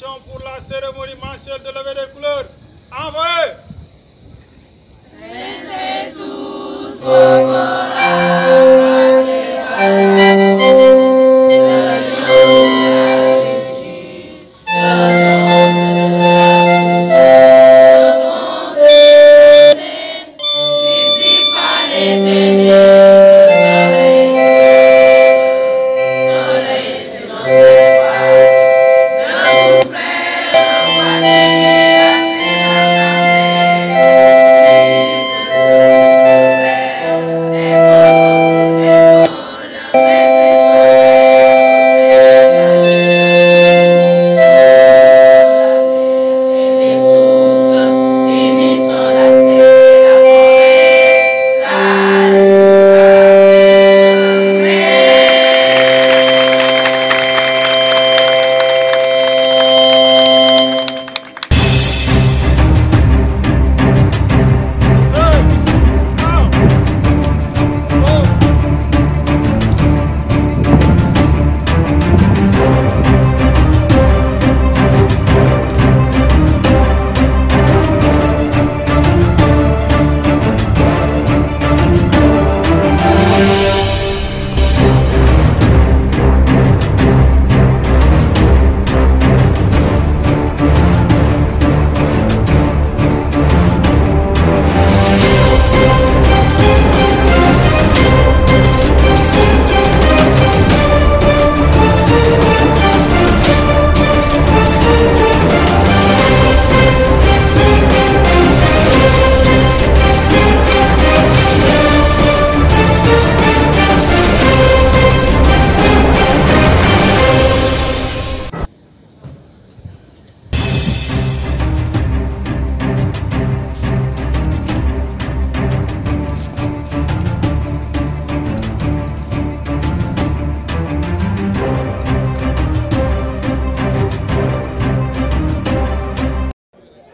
pour la cérémonie mensuelle de lever des couleurs. Envoyez. vrai.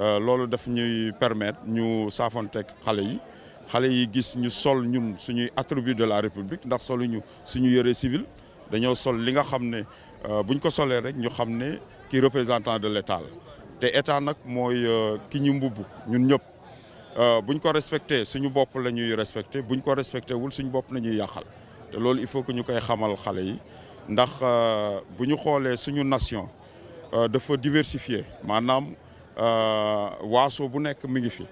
Euh, lolu daf ñuy permettre ñu saafonteeg xalé yi xalé yi gis ñu sol ñun suñuy attribut de la république ndax ñu suñu yéré civil dañoo sol li nga xamné euh, buñ ko solee rek ñu xamné ki représentant de l'état té état nak moy euh, ki ñu mbubb ñun ñëpp buñ ko respecté suñu bop la ñuy respecté buñ ko respecté wul suñu bop la ñuy yàqal te loolu il faut que ñukay xamal xalé yi ndax buñu xolé suñu nation dafa diversifier manam Euh, waaso bu nekk mi ngi fi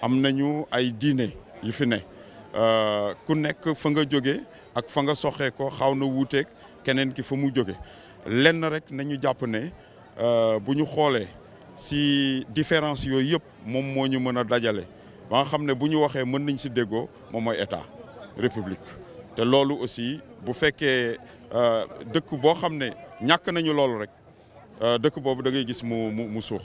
am nañu ay diine yu fi ne euh, ku nekk fa nga jóge ak fa nga soxee ko xaw na wuuteeg keneen ki fa mu jóge lenn rek nañu jàpp ne euh, bu ñu xoolee si différence yooyu yëpp moom moo ñu mën a dajale ba nga xam ne bu ñu waxee mën nañ si déggoo moom mooy état république te loolu aussi bu fekkee dëkk boo xam ne ñàkk nañu loolu rek dëkk boobu da ngay gis mu mu mu suux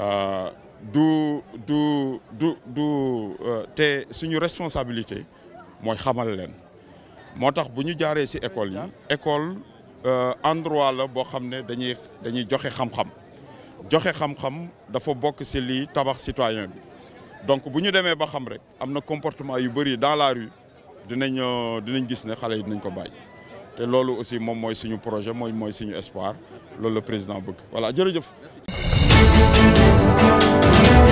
Euh, du du du du euh, te suñu responsabilité mooy xamal leen moo tax bu ñu jaaree ci école yi école euh, endroit la boo xam ne dañuy dañuy joxe xam-xam joxe xam-xam dafa bokk ci lii tabax citoyen bi donc bu ñu demee ba xam rek am comportement yu bari dans la rue dinañ dinañ gis ne xale yi dinañ ko bàyyi te loolu aussi moom mooy suñu projet mooy mooy suñu espoir loolu la président bëgg voilà jërëjëf. Thank you.